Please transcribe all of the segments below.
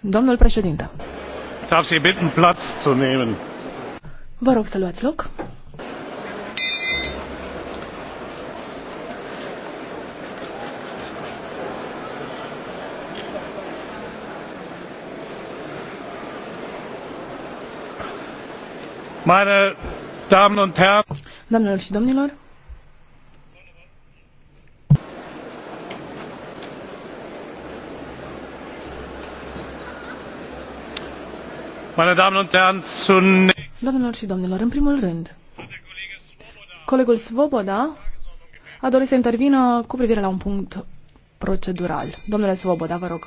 Domnul președinte. Darf Sie bitten, Platz zu nehmen. Vă rog să luați loc. Meine Damen und Herren. Doamnelor și domnilor, Doamnelor și domnilor, în primul rând, colegul Svoboda a dorit să intervină cu privire la un punct procedural. Domnule Svoboda, vă rog.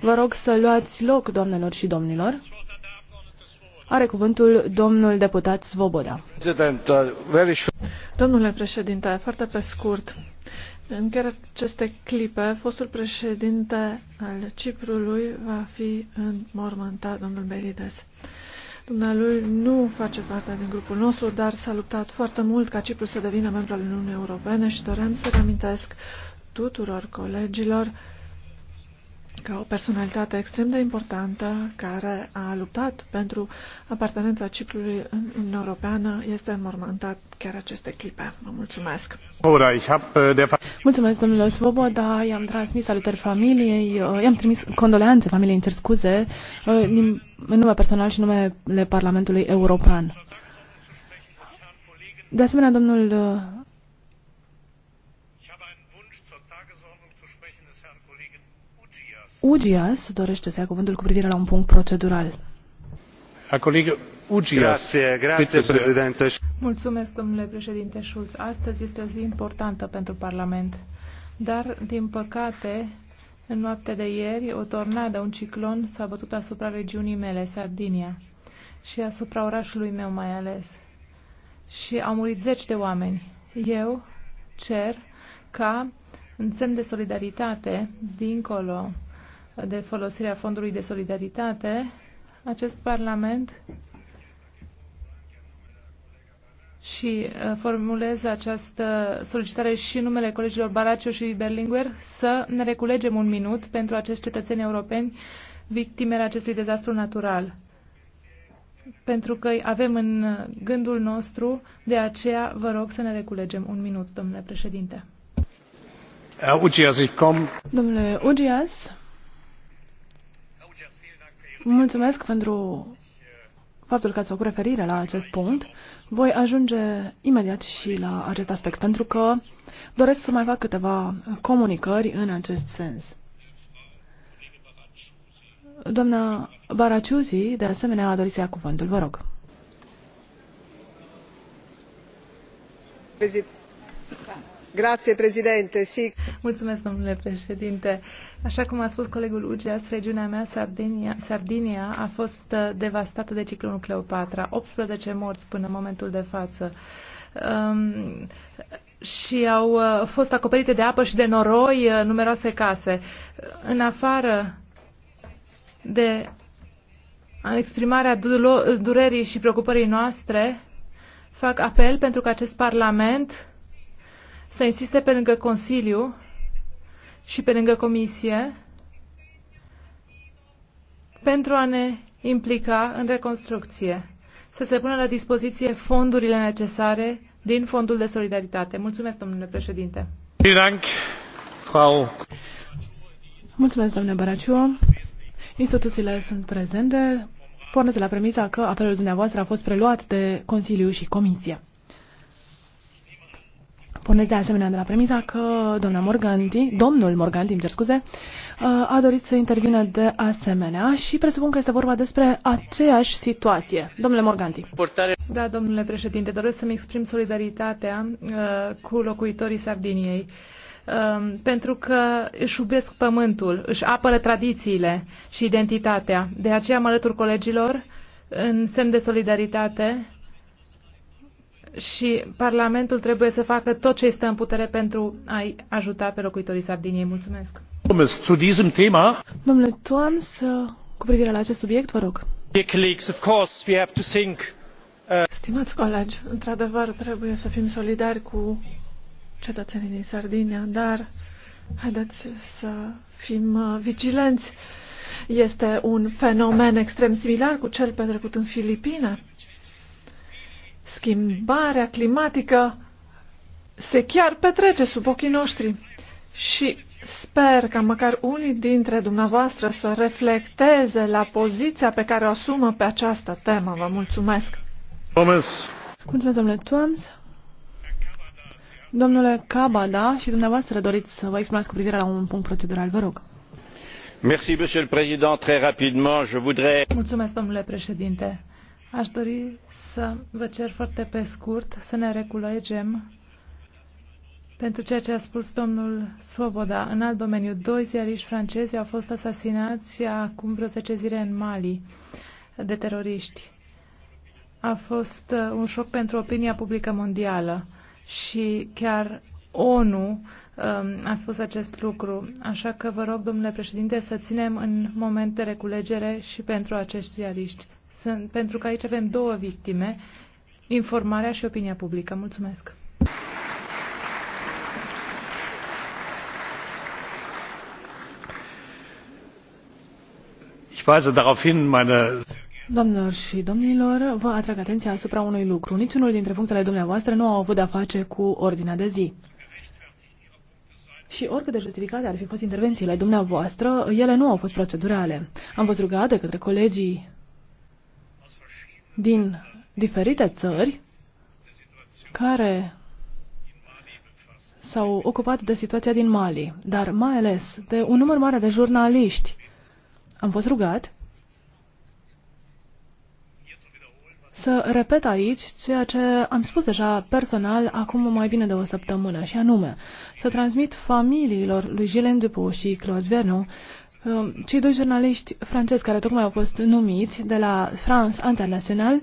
Vă rog să luați loc, doamnelor și domnilor. Are cuvântul domnul deputat Svoboda. Uh, Domnule președinte, foarte pe scurt, în chiar aceste clipe, fostul președinte al Ciprului va fi înmormântat, domnul Berides. Dumnealui nu face parte din grupul nostru, dar s-a luptat foarte mult ca Cipru să devină membru al Uniunii Europene și doream să reamintesc tuturor colegilor ca o personalitate extrem de importantă care a luptat pentru apartenența Ciprului în Uniunea Europeană este înmormântat chiar aceste clipe. Vă mulțumesc! Eh, Mulțumesc, domnule Svoboda. I-am transmis salutări familiei, uh, i-am trimis condoleanțe familiei, îmi cer scuze, uh, în nume personal și numele Parlamentului European. De asemenea, domnul uh, Ugias dorește să ia cuvântul cu privire la un punct procedural. Herr Mulțumesc, domnule președinte Schulz. Astăzi este o zi importantă pentru Parlament, dar, din păcate, în noaptea de ieri, o tornadă, un ciclon s-a bătut asupra regiunii mele, Sardinia, și asupra orașului meu mai ales. Și au murit zeci de oameni. Eu cer ca, în semn de solidaritate, dincolo de folosirea Fondului de Solidaritate, acest Parlament și uh, formulez această solicitare și numele colegilor Baraciu și Berlinguer să ne reculegem un minut pentru acești cetățeni europeni victimele acestui dezastru natural. Pentru că avem în gândul nostru, de aceea vă rog să ne reculegem un minut, domnule președinte. Domnule Ugias, mulțumesc pentru faptul că ați făcut referire la acest punct. Voi ajunge imediat și la acest aspect, pentru că doresc să mai fac câteva comunicări în acest sens. Doamna Baraciuzi, de asemenea, a dorit să ia cuvântul. Vă rog. Mulțumesc, domnule președinte. Așa cum a spus colegul Ugeas, regiunea mea, Sardinia, Sardinia, a fost uh, devastată de ciclonul Cleopatra. 18 morți până în momentul de față. Um, și au uh, fost acoperite de apă și de noroi uh, numeroase case. În afară de exprimarea durerii și preocupării noastre, fac apel pentru că acest Parlament să insiste pe lângă Consiliu și pe lângă Comisie pentru a ne implica în reconstrucție, să se pună la dispoziție fondurile necesare din Fondul de Solidaritate. Mulțumesc, domnule președinte. Mulțumesc, domnule Baraciu. Instituțiile sunt prezente. Pornesc la premisa că apelul dumneavoastră a fost preluat de Consiliu și Comisie. Puneți de asemenea de la premisa că doamna Morganti, domnul Morganti, îmi cer scuze, uh, a dorit să intervină de asemenea și presupun că este vorba despre aceeași situație. Domnule Morganti. Da, domnule președinte, doresc să-mi exprim solidaritatea uh, cu locuitorii Sardiniei um, pentru că își iubesc pământul, își apără tradițiile și identitatea. De aceea mă alătur colegilor în semn de solidaritate și Parlamentul trebuie să facă tot ce este în putere pentru a-i ajuta pe locuitorii Sardiniei. Mulțumesc! Domnule Toans, cu privire la acest subiect, vă rog. Uh, Stimați colegi, într-adevăr trebuie să fim solidari cu cetățenii din Sardinia, dar haideți să fim uh, vigilenți. Este un fenomen extrem similar cu cel petrecut în Filipine Schimbarea climatică se chiar petrece sub ochii noștri și sper ca măcar unii dintre dumneavoastră să reflecteze la poziția pe care o asumă pe această temă. Vă mulțumesc! Thomas. Mulțumesc, domnule Toms. Domnule Cabada, și dumneavoastră doriți să vă exprimați cu privire la un punct procedural, vă rog. Merci, monsieur le président. Très rapidement, je voudrais... Mulțumesc, domnule președinte. Aș dori să vă cer foarte pe scurt să ne reculegem pentru ceea ce a spus domnul Svoboda. În alt domeniu, doi ziariști francezi au fost asasinați acum vreo 10 zile în Mali de teroriști. A fost uh, un șoc pentru opinia publică mondială și chiar ONU um, a spus acest lucru. Așa că vă rog, domnule președinte, să ținem în moment de reculegere și pentru acești ziariști sunt, pentru că aici avem două victime, informarea și opinia publică. Mulțumesc! Ich Doamnelor și domnilor, vă atrag atenția asupra unui lucru. Niciunul dintre punctele dumneavoastră nu au avut de-a face cu ordinea de zi. Și oricât de justificate ar fi fost intervențiile dumneavoastră, ele nu au fost procedurale. Am fost rugat de către colegii din diferite țări care s-au ocupat de situația din Mali, dar mai ales de un număr mare de jurnaliști. Am fost rugat să repet aici ceea ce am spus deja personal acum mai bine de o săptămână, și anume să transmit familiilor lui Gilles Dupont și Claude Vernon Um, cei doi jurnaliști francezi care tocmai au fost numiți de la France International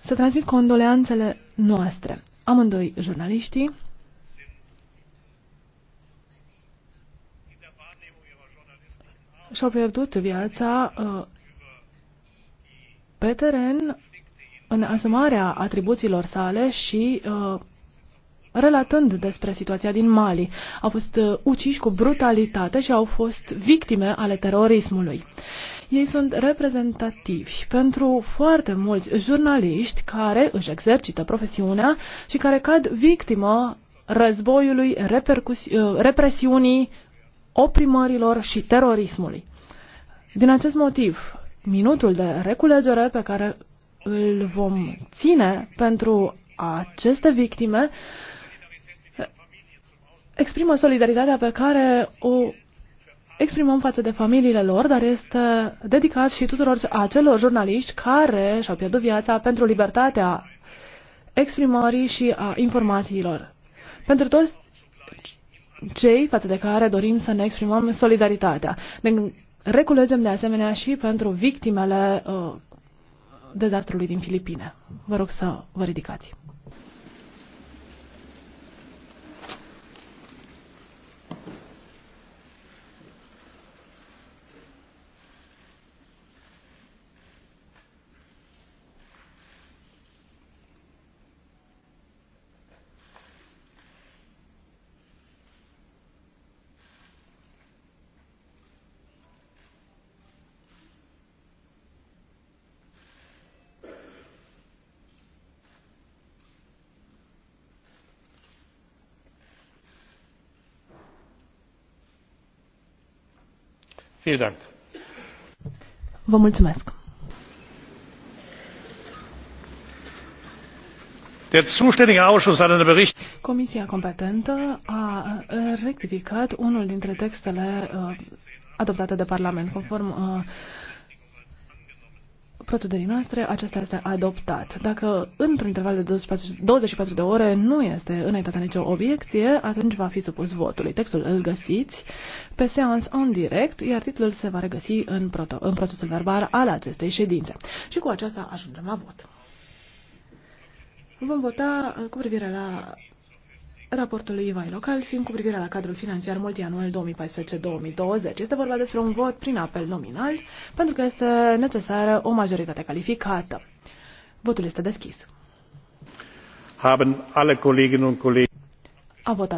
să transmit condoleanțele noastre. Amândoi jurnaliștii și-au pierdut viața uh, pe teren în asumarea atribuțiilor sale și uh, relatând despre situația din Mali. Au fost uh, uciși cu brutalitate și au fost victime ale terorismului. Ei sunt reprezentativi pentru foarte mulți jurnaliști care își exercită profesiunea și care cad victimă războiului, uh, represiunii, oprimărilor și terorismului. Din acest motiv, minutul de reculegere pe care îl vom ține pentru aceste victime exprimă solidaritatea pe care o exprimăm față de familiile lor, dar este dedicat și tuturor acelor jurnaliști care și-au pierdut viața pentru libertatea exprimării și a informațiilor. Pentru toți cei față de care dorim să ne exprimăm solidaritatea. Ne reculegem de asemenea și pentru victimele uh, dezastrului din Filipine. Vă rog să vă ridicați. Vă mulțumesc. Comisia competentă a rectificat unul dintre textele uh, adoptate de Parlament, conform uh, procedurii noastre, acesta este adoptat. Dacă într-un interval de 24 de ore nu este înaintată nicio obiecție, atunci va fi supus votului. Textul îl găsiți pe seans on direct, iar titlul se va regăsi în, proto- în procesul verbal al acestei ședințe. Și cu aceasta ajungem la vot. Vom vota cu privire la Raportul Ivai local, fiind cu privire la cadrul financiar multianual 2014-2020. Este vorba despre un vot prin apel nominal, pentru că este necesară o majoritate calificată. Votul este deschis. Haben alle Kolleginnen und Kollegen a votat